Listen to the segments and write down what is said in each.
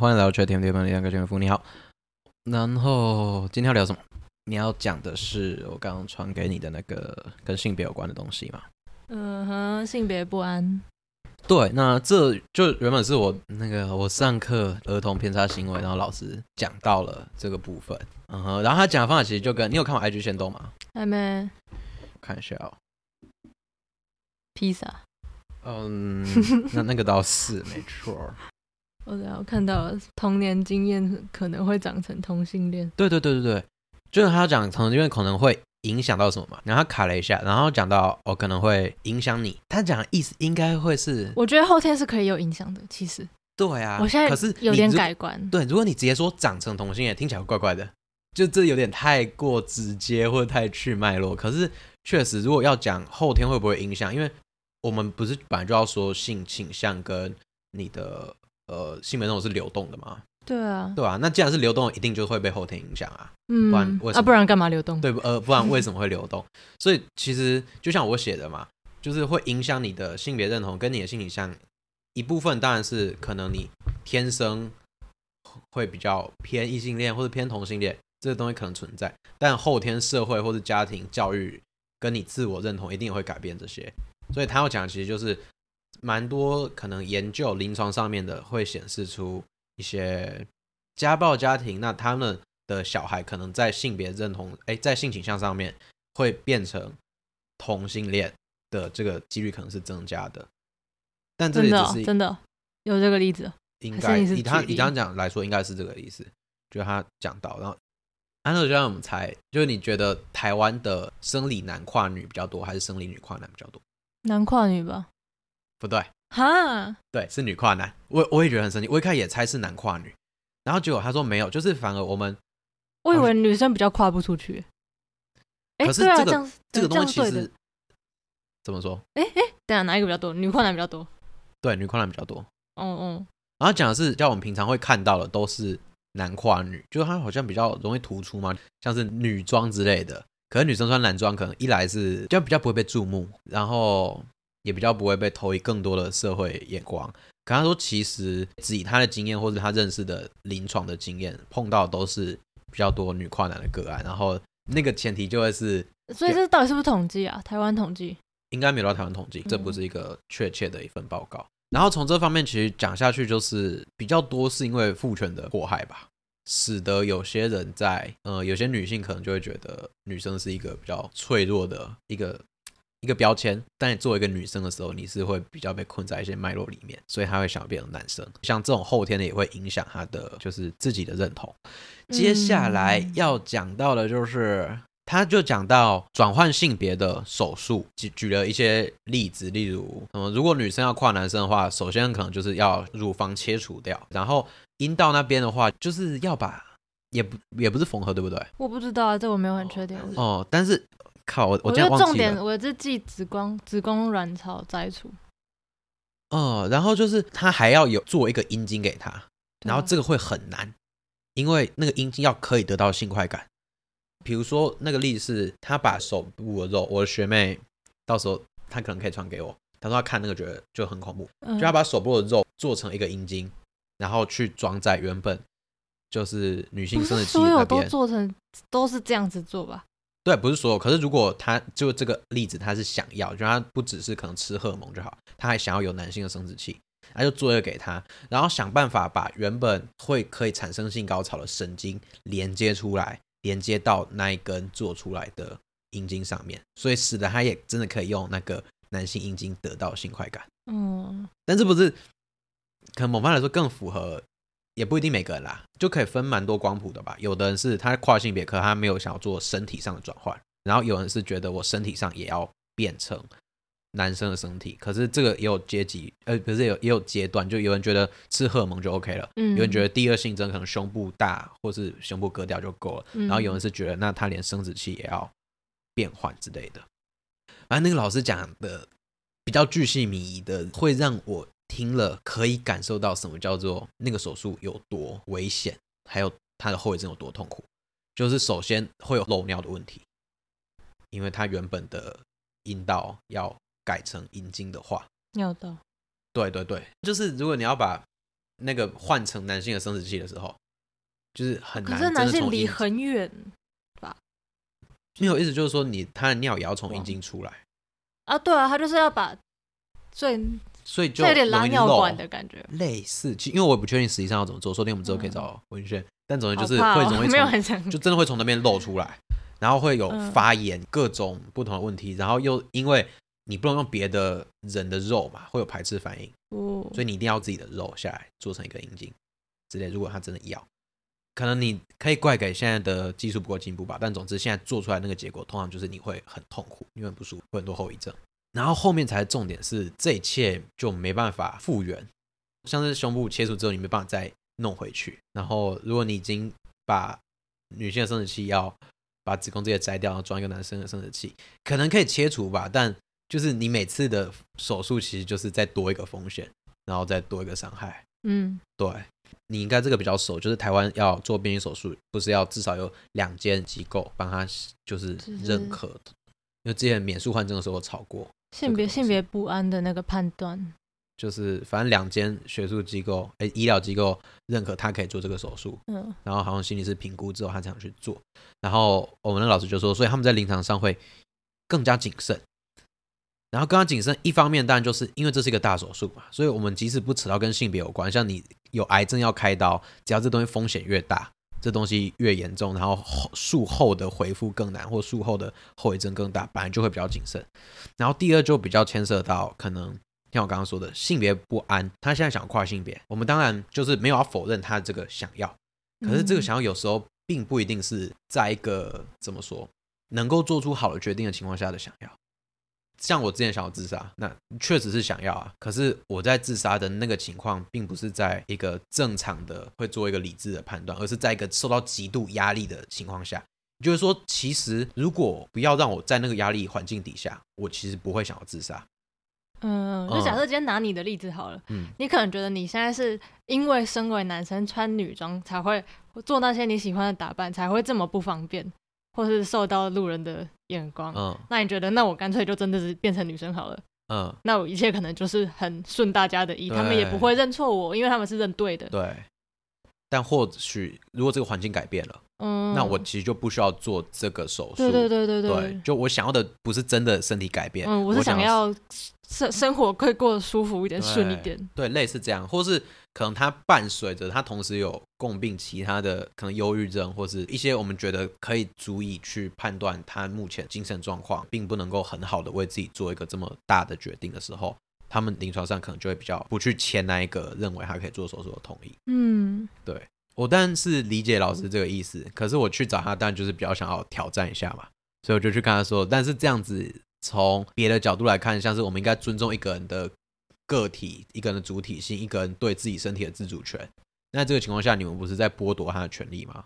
歡迎來到的《天天問》第二個節目。你好，然後今天要聊什麼？你要講的是我剛剛傳給你的那個跟性別有關的東西嗎？嗯哼、uh，huh, 性別不安。對，那這就原本是我那個我上課兒童偏差行為，然後老師講到了這個部分。嗯、uh、哼，huh, 然後他講的方法其實就跟你有看過《IG 限動》嗎？還沒、uh，huh. 看一下哦。披薩。嗯，那那個倒是沒錯。我，我看到了童年經驗可能會長成同性戀，對對對對對，就是他講同性戀可能會影響到什麼嘛，然後他卡了一下，然後講到哦可能會影響你，他講的意思應該會是，我覺得後天是可以有影響的，其實對啊，我現在可是有點改觀，對，如果你直接說長成同性戀聽起來怪怪的，就這有點太過直接或者太去脈絡，可是確實如果要講後天會不會影響，因為我們不是本來就要說性傾向跟你的。呃，性別那種是流動的嘛？對啊，對啊。那既然是流動，一定就會被後天影響啊。嗯，不然為什麼啊，不然幹嘛流動？對，呃，不然為什麼會流動？嗯、所以其實就像我寫的嘛，就是會影響你的性別認同跟你的性取向。一部分當然是可能你天生會比較偏異性戀或者偏同性戀，這個東西可能存在。但後天社會或者家庭教育跟你自我認同一定會改變這些。所以他要講的其實就是。蠻多可能研究臨床上面的會顯示出一些家暴家庭，那他們的小孩可能在性別認同哎，在性傾向上面會變成同性戀的這個幾率可能是增加的。但這裡只是真的哦、真的哦、有這個例子。應該是你是以他以他講來說，應該是這個意思。就他講到，然後安樂，就讓我們猜，就是你覺得台灣的生理男跨女比較多，還是生理女跨男比較多？男跨女吧。不對哈，對是女跨男，我我也覺得很神奇，我一開始也猜是男跨女，然後結果他說沒有，就是反而我們，我以為女生比較跨不出去。可是這個、啊、這，這個東西其實怎麼說？哎哎，對啊，哪一個比較多？女跨男比較多，對，女跨男比較多。嗯嗯、哦哦。然後講的是，像我們平常會看到的都是男跨女，就是他好像比較容易突出嘛，像是女裝之類的。可是女生穿男裝，可能一來是就比較不會被注目，然後。也比較不會被投以更多的社會眼光。可他說，其實以他的經驗或者他認識的臨床的經驗，碰到都是比較多女跨男的個案。然後那個前提就會是，所以這到底是不是統計啊？台灣統計應該沒有到台灣統計，這不是一個確切的一份報告。嗯。然後從這方面其實講下去，就是比較多是因為父權的迫害吧，使得有些人在呃，有些女性可能就會覺得女生是一個比較脆弱的一個。一個標籤，但你做一個女生的時候，你是會比較被困在一些脈絡裡面，所以她會想要變成男生。像這種後天的也會影響她的就是自己的認同。嗯、接下來要講到的就是，她就講到轉換性別的手術，舉舉了一些例子，例如，嗯，如果女生要跨男生的話，首先可能就是要乳房切除掉，然後陰道那邊的話，就是要把也不也不是縫合，對不對？我不知道啊，這我沒有很確定。哦、嗯，但是。靠我！我覺得重點，我也是記子宮子宮卵巢摘除。哦、呃，然後就是他還要有做一個陰莖給他，然後這個會很難，對因為那個陰莖要可以得到性快感。比如說那個例子是他把手部的肉，我的學妹到時候他可能可以傳給我，他說他看那個覺得就很恐怖，嗯，就要把手部的肉做成一個陰莖，然後去裝在原本就是女性生殖器那邊，所有的都做成都是這樣子做吧。也不是所有，可是如果他就這個例子，他是想要，就他不只是可能吃荷爾蒙就好，他還想要有男性的生殖器，他就做一個給他，然後想辦法把原本會可以產生性高潮的神經連接出來，連接到那一根做出來的陰莖上面，所以使得他也真的可以用那個男性陰莖得到的性快感。嗯，但這不是，可能某方來說更符合。也不一定每個人啦，就可以分蠻多光譜的吧。有的人是他跨性別，可他沒有想要做身體上的轉換。然後有人是覺得我身體上也要變成男生的身體，可是這個也有階級，呃，可是有也有階段，就有人覺得吃荷爾蒙就 OK 了，嗯，有人覺得第二性徵可能胸部大或是胸部割掉就夠了，然後有人是覺得那他連生殖器也要變換之類的。啊，那個老師講的比較巨細靡遺的，會讓我。聽了可以感受到什麼叫做那個手術有多危險，還有他的後遺症有多痛苦。就是首先會有漏尿的問題，因為他原本的陰道要改成陰莖的話，尿道。對對對，就是如果你要把那個換成男性的生殖器的時候，就是很難。可是男性離很遠吧？你有意思就是說，你他的尿也要從陰莖出來。啊，對啊，他就是要把最。所以就有點拉尿管的感覺，類似。其實因為我也不確定實際上要怎麼做，說不定我們之後可以找文軒。嗯、但總之就是會容易、哦，沒有很就真的會從那邊漏出來，然後會有發炎，嗯、各種不同的問題。然後又因為你不能用別的人的肉嘛，會有排斥反應。哦，所以你一定要自己的肉下來做成一個陰莖之類。如果他真的要，可能你可以怪給現在的技術不夠進步吧。但總之現在做出來那個結果，通常就是你會很痛苦，你很不舒服，會很多後遺症。然後後面才重點是這一切就沒辦法復原，像是胸部切除之後你沒辦法再弄回去。然後如果你已經把女性的生殖器，要把子宮這些摘掉，然後裝一個男生的生殖器，可能可以切除吧，但就是你每次的手術其實就是再多一個風險，然後再多一個傷害。嗯，對你應該這個比較熟，就是台灣要做變性手術，不是要至少有兩間機構幫他就是認可的，對因為之前免術換證的時候吵過。性別性別不安的那個判斷，就是反正兩間學術機構誒、哎，醫療機構認可他可以做這個手術，嗯，然後好像心理師評估之後，他才能去做。然後我們的老師就說，所以他們在臨床上會更加謹慎。然後更加謹慎，一方面當然就是因為這是一個大手術嘛，所以我們即使不扯到跟性別有關，像你有癌症要開刀，只要這東西風險越大。這東西越嚴重，然後後術後的恢復更難，或術後的後遺症更大，本來就會比較謹慎。然後第二就比較牽涉到，可能像我剛剛說的性別不安，他現在想跨性別，我們當然就是沒有要否認他的這個想要，可是這個想要有時候並不一定是在一個怎麼說能夠做出好的決定的情況下的想要。像我之前想要自殺，那確實是想要啊。可是我在自殺的那個情況，並不是在一個正常的會做一個理智的判斷，而是在一個受到極度壓力的情況下。就是說，其實如果不要讓我在那個壓力環境底下，我其實不會想要自殺。嗯，就假設今天拿你的例子好了，嗯，你可能覺得你現在是因為身為男生穿女裝才會做那些你喜歡的打扮，才會這麼不方便。或是受到路人的眼光，嗯，那你覺得，那我乾脆就真的是變成女生好了。嗯，那我一切可能就是很順大家的意，對，他們也不會認錯我，因為他們是認對的。對。但或許如果這個環境改變了，嗯，那我其實就不需要做這個手術。對對對對對。對，就我想要的不是真的身體改變。嗯，我是想要。生生活可以過得舒服一點，順對一點。對，類似這樣，或是可能他伴隨着他同時有共病其他的，可能憂鬱症，或是一些我們覺得可以足以去判斷他目前精神狀況，並不能夠很好的為自己做一個這麼大的決定的時候，他們臨床上可能就會比較不去簽那一個認為他可以做手術的同意。嗯，對，我當然是理解老師這個意思。嗯、可是我去找他，當然就是比較想要挑戰一下嘛，所以我就去跟他說，但是這樣子。從別的角度來看，像是我們應該尊重一個人的個體、一個人的主體性、一個人對自己身體的自主權。那這個情況下，你們不是在剝奪他的權利嗎？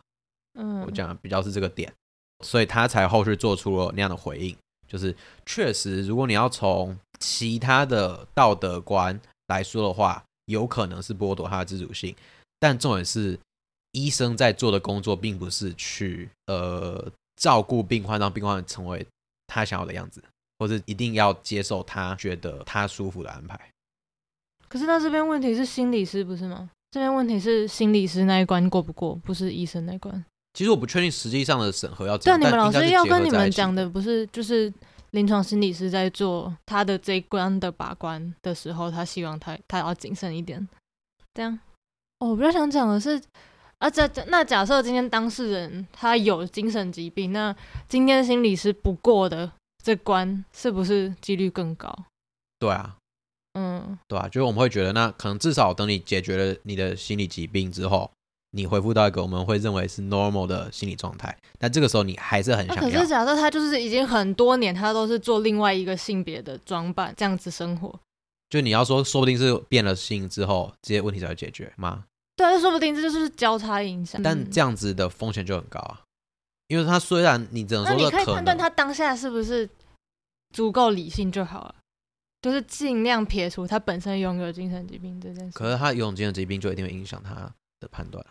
嗯，我講的比較是這個點，所以他才後續做出了那樣的回應。就是確實，如果你要從其他的道德觀來說的話，有可能是剝奪他的自主性。但重點是，醫生在做的工作並不是去，呃，照顧病患，讓病患成為他想要的樣子。或者一定要接受他覺得他舒服的安排，可是那這邊問題是心理師不是嗎？這邊問題是心理師那一關過不過，不是醫生那一關。其實我不確定實際上的審核要，對但你們老師要跟你們講的不是就是臨床心理師在做他的這一關的把關的時候，他希望他他要謹慎一點。這樣，哦，我比較想講的是啊，假假，那假設今天當事人他有精神疾病，那今天心理師不過的。這關是不是幾率更高？對啊，嗯，對啊，就是我們會覺得那，那可能至少等你解決了你的心理疾病之後，你恢復到一個我們會認為是 normal 的心理狀態。那這個時候你還是很想，啊、可是假設他就是已經很多年，他都是做另外一個性別的裝扮，這樣子生活，就你要說，說不定是變了性之後，這些問題才會解決嗎？對啊，就說不定這就是交叉影響，嗯、但這樣子的風險就很高啊。因為他雖然你只能說是能，你可以判斷他當下是不是足夠理性就好了，就是盡量撇除他本身擁有精神疾病這件事。可是他擁有精神疾病，就一定會影響他的判斷。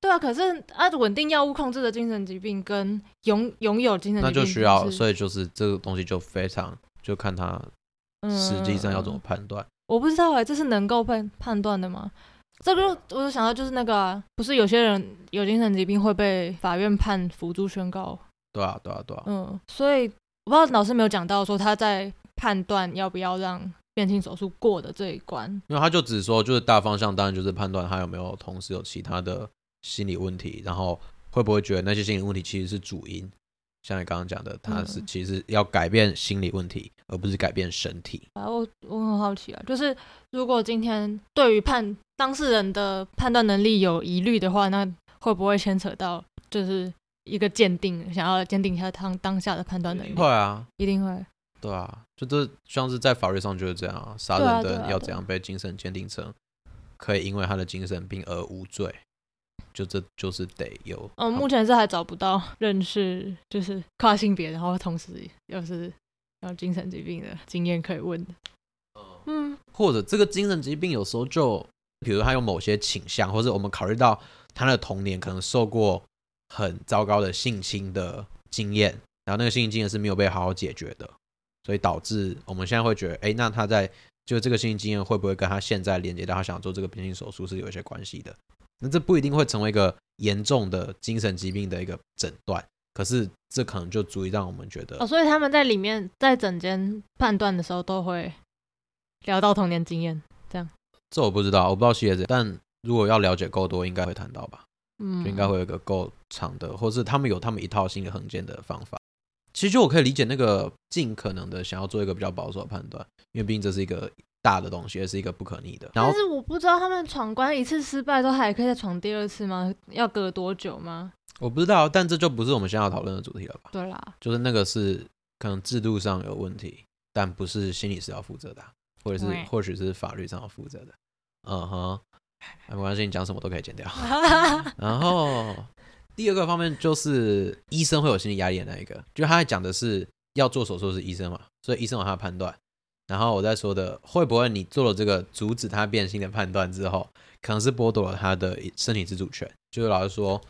對啊，可是啊，穩定藥物控制的精神疾病跟擁擁有精神疾病、就是，那就需要，所以就是這個東西就非常就看他實際上要怎麼判斷。嗯嗯。我不知道哎，這是能夠判判斷的嗎？這個我就想到，就是那個、啊，不是有些人有精神疾病會被法院判輔助宣告。對啊，對啊，對啊。嗯，所以我不知道老師沒有講到說他在判斷要不要讓變性手術過的這一關。因為他就只說，就是大方向當然就是判斷他有沒有同時有其他的心理問題，然後會不會覺得那些心理問題其實是主因。像你剛剛講的，他是其實要改變心理問題，嗯、而不是改變身體。啊，我我很好奇啊，就是如果今天對於判。當事人的判斷能力有疑慮的話，那會不會牽扯到就是一個鑑定，想要鑑定一下他當下的判斷能力？會啊，一定會。對啊，就這像是在法律上就是這樣啊，殺人的人要怎樣被精神鑑定成可以因為他的精神病而無罪？對就這就是得有。嗯，目前是還找不到認識就是跨性別，然後同時又是有精神疾病的經驗可以問的。嗯，或者這個精神疾病有時候就。比如他有某些傾向，或是我們考慮到他的童年可能受過很糟糕的性侵的經驗，然後那個性侵經驗是沒有被好好解決的，所以導致我們現在會覺得，哎，那他在就這個性經驗會不會跟他現在連接到他想做這個變性手術是有一些關係的？那這不一定會成為一個嚴重的精神疾病的一個診斷，可是這可能就足以讓我們覺得哦，所以他們在裡面在診間判斷的時候都會聊到童年經驗。這我不知道，我不知道細節。但如果要了解夠多，應該會談到吧？嗯，就應該會有一個夠長的，或是他們有他們一套新的衡鑑的方法。其實我可以理解那個盡可能的想要做一個比較保守的判斷，因為畢竟這是一個大的東西，也是一個不可逆的。然後但是我不知道他們闖關一次失敗都還可以再闖第二次嗎？要隔多久嗎？我不知道，但這就不是我們現在要討論的主題了吧？對啦，就是那個是可能制度上有問題，但不是心理師要負責的啊。或者是或許是法律上要負責的，嗯、uh、哼、huh 啊，沒關係，你講什麼都可以剪掉。 然後第二個方面就是醫生會有心理壓力的那一個，就他在講的是要做手術是醫生嘛，所以醫生有他的判斷。然後我在說的，會不會你做了這個阻止他變性的判斷之後，可能是剝奪了他的身體自主權。就是老實說，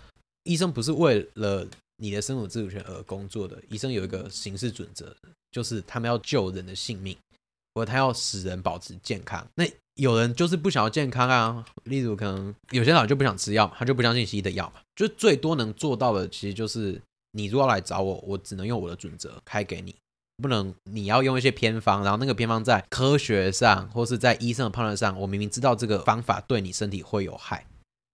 醫生不是為了你的身體自主權而工作的，醫生有一個行事準則，就是他們要救人的性命。我他要使人保持健康，那有人就是不想要健康啊，例如可能有些老人就不想吃藥，他就不相信西醫的藥嘛，就最多能做到的，其實就是你如果要來找我，我只能用我的準則開給你，不能你要用一些偏方，然後那個偏方在科學上或是在醫生的判斷上，我明明知道這個方法對你身體會有害，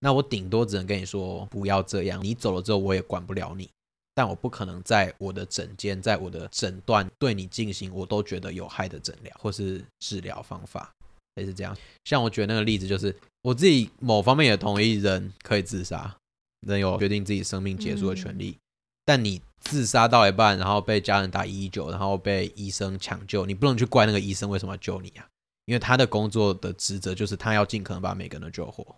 那我頂多只能跟你說不要這樣，你走了之後我也管不了你。但我不可能在我的診間，在我的診斷對你進行，我都覺得有害的診療或是治療方法，類似這樣。像我舉的那個例子就是，我自己某方面也同意人可以自殺，人有決定自己生命結束的權利。嗯、但你自殺到一半，然後被家人打一一九，然後被醫生搶救，你不能去怪那個醫生為什麼要救你啊？因為他的工作的職責就是他要盡可能把每個人都救活。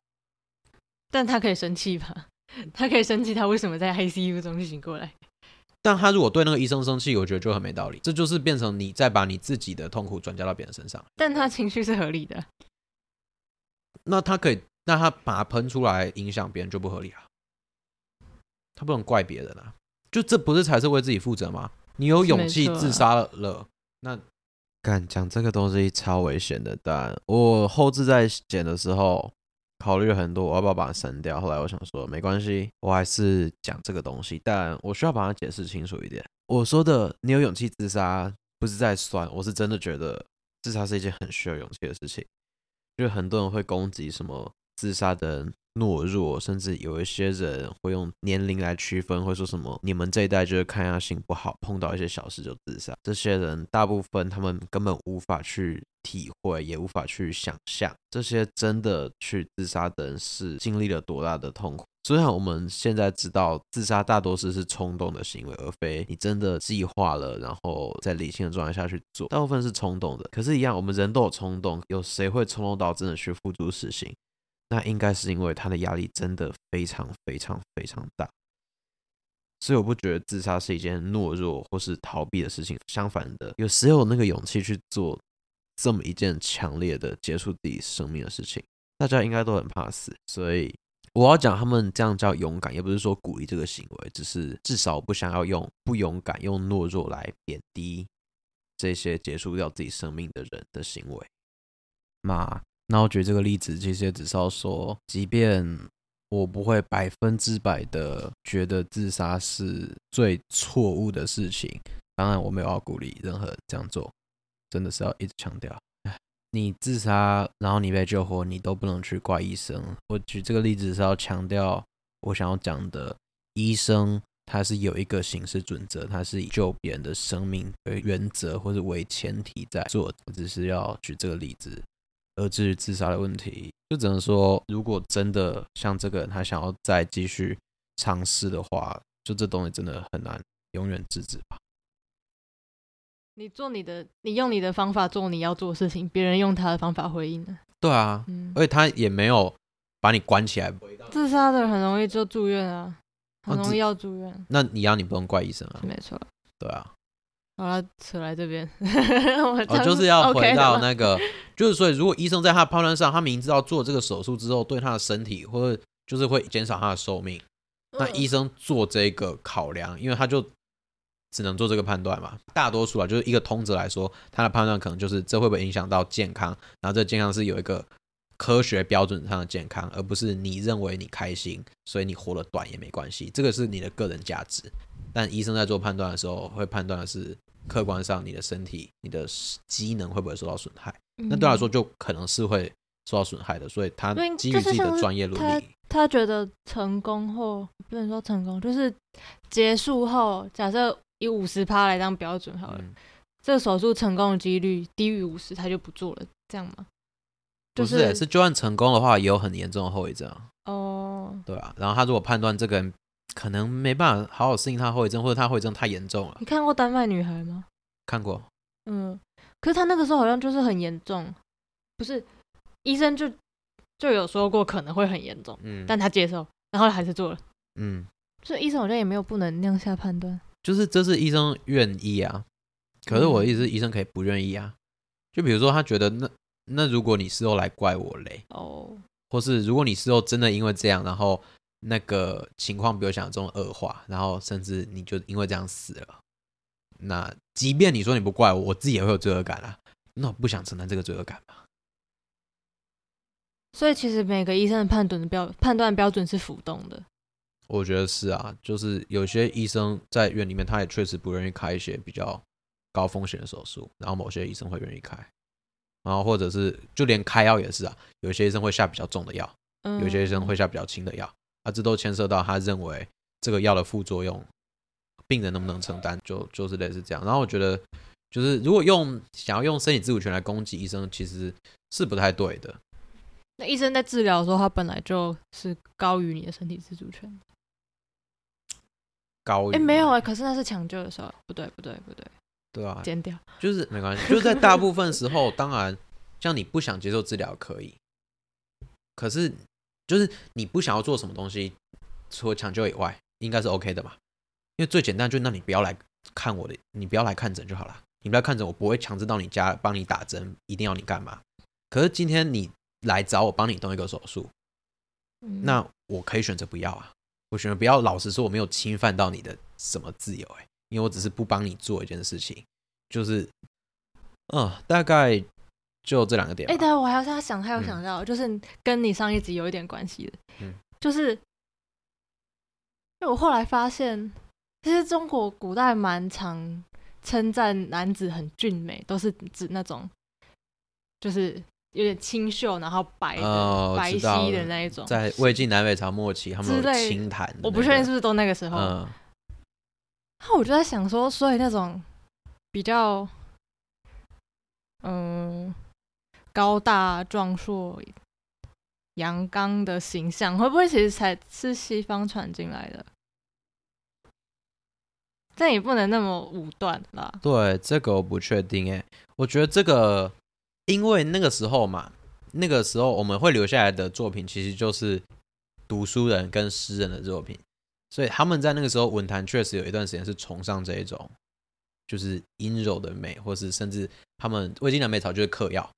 但他可以生氣吧？他可以生氣，他為什麼在 ICU 中就醒過來？但他如果對那個醫生生氣，我覺得就很沒道理。這就是變成你在把你自己的痛苦轉嫁到別人身上。但他情緒是合理的，那他可以，那他把它噴出來影響別人就不合理了、啊。他不能怪別人啊，就這不是才是為自己負責嗎？你有勇氣自殺了、啊、了，那敢講這個東西超危險的。但我後製在剪的時候。考慮了很多，我要不要把它刪掉？後來我想說，沒關係，我還是講這個東西，但我需要把它解釋清楚一點。我說的，你有勇氣自殺，不是在酸，我是真的覺得自殺是一件很需要勇氣的事情。就是很多人會攻擊什麼自殺的人懦弱，甚至有一些人會用年齡來區分，會說什麼你們這一代就是抗壓性不好，碰到一些小事就自殺。這些人大部分他們根本無法去。體會也無法去想象，這些真的去自殺的人是經歷了多大的痛苦。雖然我們現在知道，自殺大多數是衝動的行為，而非你真的計劃了，然後在理性的狀態下去做，大部分是衝動的。可是，一樣，我們人都有衝動，有誰會衝動到真的去付諸實行？那應該是因為他的壓力真的非常非常非常大。所以，我不覺得自殺是一件懦弱或是逃避的事情。相反的，有誰有那個勇氣去做？這麼一件強烈的結束自己生命的事情，大家應該都很怕死，所以我要講他們這樣叫勇敢，也不是說鼓勵這個行為，只是至少不想要用不勇敢、用懦弱來貶低這些結束掉自己生命的人的行為。那那我舉這個例子其實也只是要說，即便我不會百分之百的覺得自殺是最錯誤的事情，當然我沒有要鼓勵任何人這樣做。真的是要一直強調，你自殺，然後你被救活，你都不能去怪醫生。我舉這個例子是要強調我想要講的，醫生他是有一個行事準則，他是以救別人的生命為原則或者為前提在做的，我只是要舉這個例子。而至於自殺的問題，就只能說，如果真的像這個人他想要再繼續嘗試的話，就這東西真的很難永遠制止吧。你做你的，你用你的方法做你要做的事情，別人用他的方法回應的。對啊，嗯，而且他也沒有把你關起來，自殺的人很容易就住院啊，很容易要住院。啊、那你要，你不用怪醫生啊，沒錯、啊，對啊。我要扯來這邊， 我、哦、就是要回到那個，OK、就是所以如果醫生在他判斷上，他明知道做這個手術之後對他的身體或者就是會減少他的壽命，呃、那醫生做這個考量，因為他就。只能做這個判斷嘛，大多數啊，就是一個通則來說，他的判斷可能就是這會不會影響到健康，然後這個健康是有一個科學標準上的健康，而不是你認為你開心，所以你活得短也沒關係。這個是你的個人價值。但醫生在做判斷的時候，會判斷的是客觀上你的身體、你的機能會不會受到損害。嗯、那對他來說，就可能是會受到損害的。所以他所以基於自己的專業倫理，他覺得成功後不能說成功，就是結束後假設。以五十趴來當標準好了，嗯、這個手術成功的幾率低於五十，他就不做了，這樣嗎？就是、不是、欸，是就算成功的話，也有很嚴重的後遺症。哦，對啊。然後他如果判斷這個人可能沒辦法好好適應他後遺症，或者他後遺症太嚴重了，你看過《丹麥女孩》嗎？看過。嗯，可是他那個時候好像就是很嚴重，不是醫生就就有說過可能會很嚴重，嗯，但他接受，然後還是做了。嗯，所以醫生好像也沒有不能量下判斷。就是這是醫生願意啊，可是我的意思是，醫生可以不願意啊。就比如說，他覺得那那如果你事後來怪我嘞？哦，或是如果你事後真的因為這樣，然後那個情況比我想象中惡化，然後甚至你就因為這樣死了，那即便你說你不怪我，我自己也會有罪惡感啊。那我不想承擔這個罪惡感啊。所以其實每個醫生的判斷的標判斷的標準是浮動的。我覺得是啊，就是有些醫生在院裡面，他也確實不願意開一些比較高風險的手術，然後某些醫生會願意開，然後或者是就連開藥也是啊，有一些醫生會下比較重的藥，嗯、有些醫生會下比較輕的藥，啊，這都牽涉到他認為這個藥的副作用，病人能不能承擔，就就是類似這樣。然後我覺得，就是如果用想要用身體自主權來攻擊醫生，其實是不太對的。那醫生在治療的時候，他本來就是高於你的身體自主權。高哎沒有啊、欸。可是那是搶救的時候，不對不對不對。不對，對啊，剪掉就是沒關係，就在大部分時候， 當然像你不想接受治療可以，可是就是你不想要做什麼東西，除了搶救以外，應該是 OK 的嘛？因為最簡單就是、那你不要來看我的，你不要來看診就好了，你不要看診，我不會強制到你家幫你打針，一定要你幹嘛？可是今天你來找我幫你動一個手術，嗯、那我可以選擇不要啊。我想了，不要老實說，我沒有侵犯到你的什麼自由哎，因為我只是不幫你做一件事情，就是，嗯、呃，大概就這兩個點。哎、欸，等下、啊、我還要再想，還有想到，嗯、就是跟你上一集有一點關係的，嗯、就是，因為我後來發現，其實中國古代蠻常稱讚男子很俊美，都是指那種，就是，有點清秀，然後白、哦、白皙的那一種，在魏晉南北朝末期，他們是清談、那個，我不確定是不是都那個時候。那、嗯啊、我就在想說，所以那種比較嗯高大壯碩、陽剛的形象，會不會其實才是西方傳進來的？但也不能那麼武斷了。對，這個我不確定誒、欸，我覺得這個。因為那個時候嘛，那個時候我們會留下來的作品，其實就是讀書人跟詩人的作品，所以他們在那個時候文壇確實有一段時間是崇尚這一種，就是陰柔的美，或是甚至他們魏晉南北朝就是嗑藥，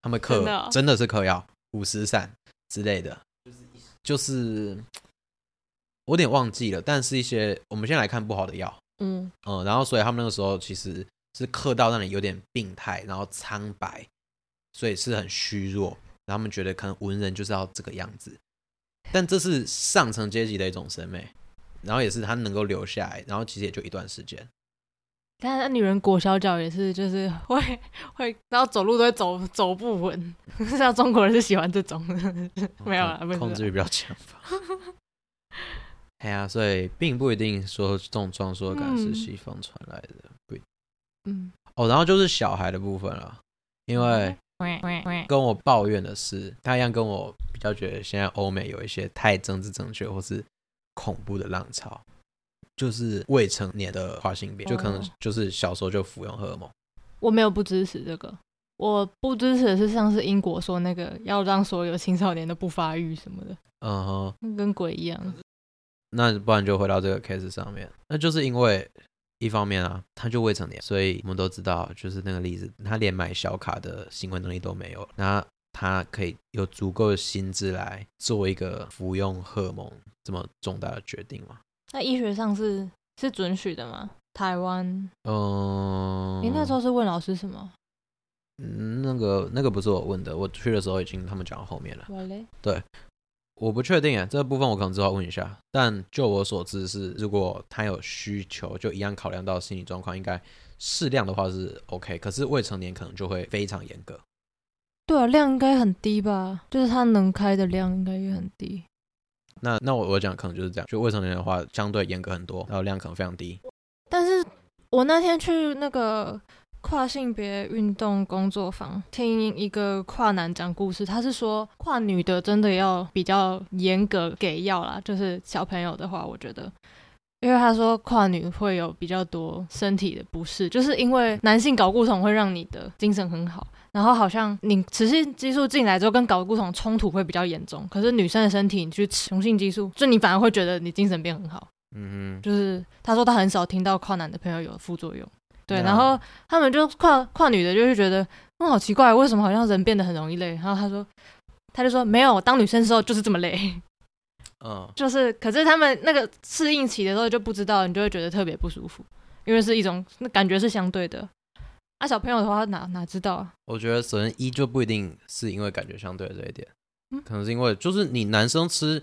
他們嗑，真的哦？真的是嗑藥，五石散之類的，就是就是我有點忘記了，但是一些我們先來看不好的藥，嗯嗯，然後所以他們那個時候其實是嗑到讓你有點病態，然後蒼白。所以是很虛弱，然後他們覺得可能文人就是要這個樣子，但這是上層階級的一種審美，然後也是他能夠留下來，然後其實也就一段時間。但是女人裹小腳也是，就是會會，然後走路都會走走不穩。像中國人是喜歡這種的，哈哈沒有了，控，啦控制欲比較強吧？對 啊，所以並不一定說這種裝束感是西方傳來的，嗯、不一定。嗯，哦，然後就是小孩的部分了，因為。跟我抱怨的是，他一樣跟我比較覺得現在歐美有一些太政治正確或是恐怖的浪潮，就是未成年的跨性別，Oh yeah。就可能就是小時候就服用荷爾蒙。我沒有不支持這個，我不支持的是像是英國說那個要讓所有青少年都不發育什麼的，嗯哼、uh-huh。跟鬼一樣。那不然就回到這個 case 上面，那就是因為。一方面啊，他就未成年，所以我們都知道，就是那個例子，他連買小卡的行為能力都沒有。那他可以有足夠的心智來做一個服用荷爾蒙這麼重大的決定嗎？那醫學上是是准許的嗎？台灣？嗯、呃，你那時候是問老師什麼？嗯，那個那個不是我問的，我去的時候已經他們講到後面了。嘞對。我不確定啊，這個部分我可能之後問一下。但就我所知是，如果他有需求，就一樣考量到心理狀況，應該適量的話是 OK。可是未成年可能就會非常嚴格。對啊，量應該很低吧？就是他能開的量應該也很低。那那我我講可能就是這樣，就未成年的話相對嚴格很多，然後量可能非常低。但是我那天去那個。跨性別運動工作坊，聽一個跨男講故事，他是說跨女的真的要比較嚴格給藥啦，就是小朋友的話，我覺得，因為他說跨女會有比較多身體的不適，就是因為男性睪固酮會讓你的精神很好，然後好像你雌性激素進來之後跟睪固酮衝突會比較嚴重，可是女生的身體你去雄性激素，就你反而會覺得你精神變很好，嗯哼，就是他說他很少聽到跨男的朋友有副作用。對，Yeah. 然後他們就跨跨女的，就是覺得，我、哦、好奇怪，為什麼好像人變得很容易累？然後他說，他就說沒有，我當女生的時候就是這麼累，嗯，uh, 就是，可是他們那個適應期的時候就不知道，你就會覺得特別不舒服，因為是一種那感覺是相對的，那、啊、小朋友的話哪哪知道啊？我覺得首先一就不一定是因為感覺相對的這一點，嗯，可能是因為就是你男生吃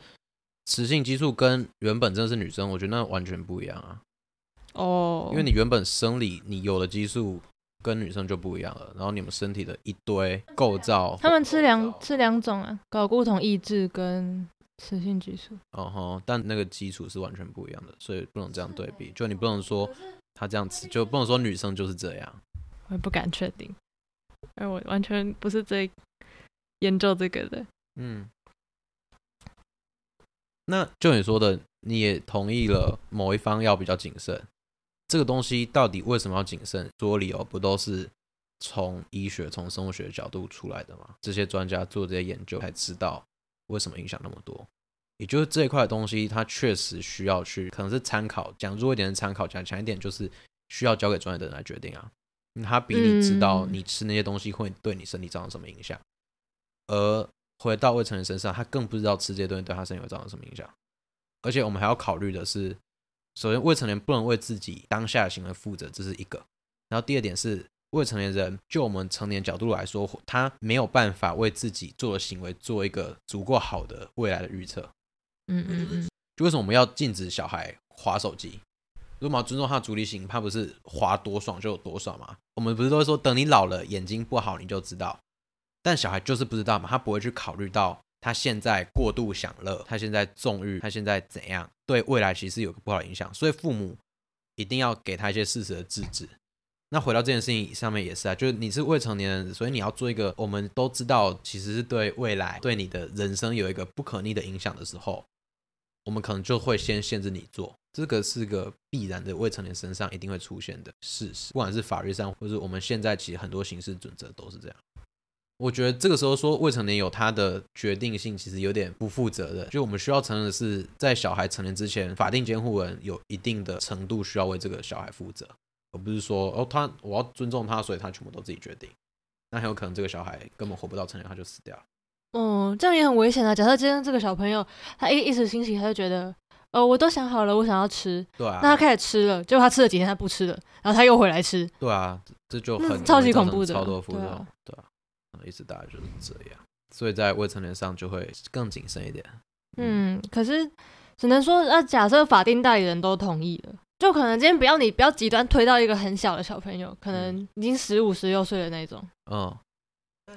雌性激素跟原本真的是女生，我覺得那完全不一樣啊。哦，oh, 因為你原本生理你有的激素跟女生就不一樣了，然後你們身體的一堆構造，構造，他們吃兩吃兩種啊，睾固酮抑制跟雌性激素。哦、uh huh, 但那個基礎是完全不一樣的，所以不能這樣對比。的就你不能說他這樣吃，就不能說女生就是這樣。我也不敢確定，因為我完全不是這研究這個的。嗯，那就你說的，你也同意了，某一方要比較謹慎。這個東西到底為什麼要謹慎？說理由不都是從醫學、從生物學角度出來的嗎？這些專家做這些研究才知道為什麼影響那麼多。也就是這一塊的東西，它確實需要去，可能是參考，講弱一點的參考，講強一點就是需要交給專業的人來決定啊。他比你知道，你吃那些東西會對你身體造成什麼影響。嗯、而回到未成年人身上，他更不知道吃這些東西對他身體會造成什麼影響。而且我們還要考慮的是。首先，未成年不能為自己當下的行為負責，這是一個。然後第二點是，未成年人就我們成年角度來說，他沒有辦法為自己做的行為做一個足夠好的未來的預測。嗯嗯嗯。就為什麼我們要禁止小孩滑手機？如果我們要尊重他的獨立性，他不是滑多爽就有多爽嘛？我們不是都會說等你老了眼睛不好你就知道，但小孩就是不知道嘛，他不會去考慮到。他現在過度享樂，他現在縱慾，他現在怎樣？對未來其實有個不好的影響，所以父母一定要給他一些適時的制止。那回到這件事情上面也是啊，就是你是未成年人，所以你要做一個我們都知道，其實是對未來對你的人生有一個不可逆的影響的時候，我們可能就會先限制你做。這個是個必然的，未成年身上一定會出現的事實，不管是法律上或是我們現在其實很多刑事準則都是這樣。我覺得這個時候說未成年有他的決定性，其實有點不負責的。就我們需要承認的是，在小孩成年之前，法定監護人有一定的程度需要為這個小孩負責，而不是說哦，他我要尊重他，所以他全部都自己決定。那很有可能這個小孩根本活不到成年，他就死掉。嗯、哦，這樣也很危險啊。假設今天這個小朋友他一一時興起，他就覺得呃、哦，我都想好了，我想要吃。對啊，那他開始吃了，結果他吃了幾天他不吃了，然後他又回來吃。對啊，這就很超級恐怖的，超多副作用。對啊。對啊。意思大概就是這樣，所以在未成年上就會更謹慎一點。嗯，嗯，可是只能說，那、啊、假設法定代理人都同意了，就可能今天不要你不要極端推到一個很小的小朋友，可能已經十五十六歲的那種。嗯，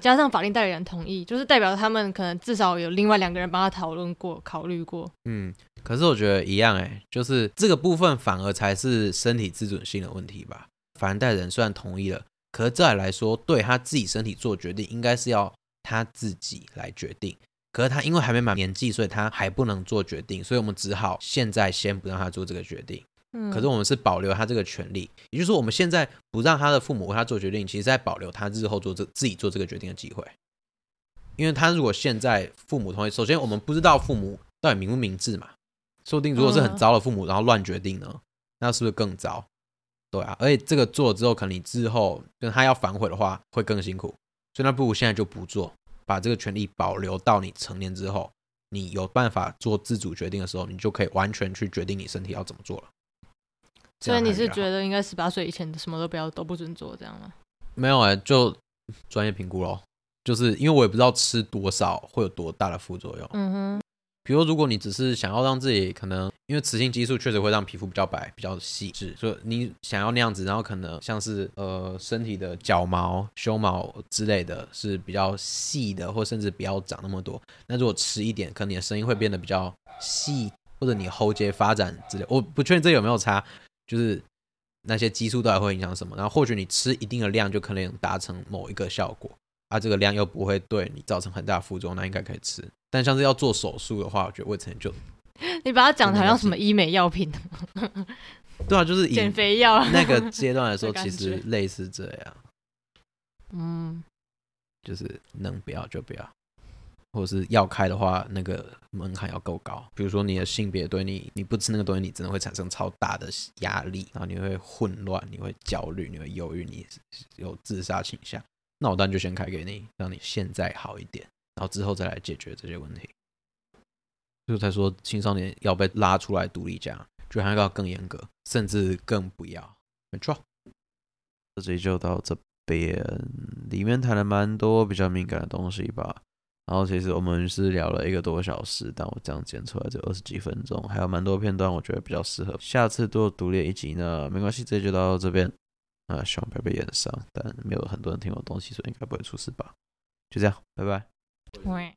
加上法定代理人同意，就是代表他們可能至少有另外兩個人幫他討論過、考慮過。嗯，可是我覺得一樣、欸，哎，就是這個部分反而才是身體自主性的問題吧。法定代理人雖然同意了。可是再來說，對他自己身體做決定，應該是要他自己來決定。可是他因為還沒滿年紀，所以他還不能做決定，所以我們只好現在先不讓他做這個決定。可是我們是保留他這個權利，也就是說，我們現在不讓他的父母為他做決定，其實在保留他日後做這自己做這個決定的機會。因為他如果現在父母同意，首先我們不知道父母到底明不明智嘛，說不定如果是很糟的父母，然後亂決定呢，那是不是更糟？對啊，而且這個做了之後，可能你之後跟他要反悔的話，會更辛苦，所以那不如現在就不做，把這個權利保留到你成年之後，你有辦法做自主決定的時候，你就可以完全去決定你身體要怎麼做了。所以你是覺得應該十八歲以前什麼都不要、都不准做這樣嗎？沒有欸，就專業評估咯，就是因為我也不知道吃多少會有多大的副作用。嗯哼。比如，如果你只是想要讓自己可能因為雌性激素確實會讓皮膚比較白、比較細緻，所以你想要那樣子，然後可能像是呃身體的腳毛、胸毛之類的是比較細的，或甚至不要長那麼多。那如果吃一點，可能你的聲音會變得比較細，或者你喉結發展之類，我不確定這有沒有差，就是那些激素到底會影響什麼。然後或許你吃一定的量，就可能能達成某一個效果。它、啊、這個量又不會對你造成很大副作用，那應該可以吃。但像是要做手術的話，我覺得未成年就……你把它講得好像什麼醫美藥品 對啊，就是減肥藥。 那個階段來說，其實類似這樣。嗯，就是能不要就不要，嗯、或者是要開的話，那個門檻要夠高。比如說你的性別對你，你不吃那個東西，你真的會產生超大的壓力，然後你會混亂，你會焦慮，你會憂鬱，你有自殺傾向。腦袋就先開給你，讓你現在好一點，然後之後再來解決這些問題。就才說青少年要被拉出來獨立講，就還要更嚴格，甚至更不要。沒錯，這集就到這邊，裡面談了蠻多比較敏感的東西吧。然後其實我們是聊了一個多小時，但我這樣剪出來只有二十幾分鐘，還有蠻多片段我覺得比較適合下次做獨立一集呢。沒關係，這集就到這邊。啊，希望不要被炎上，但沒有很多人聽我東西，所以應該不會出事吧。就這樣，拜拜。嗯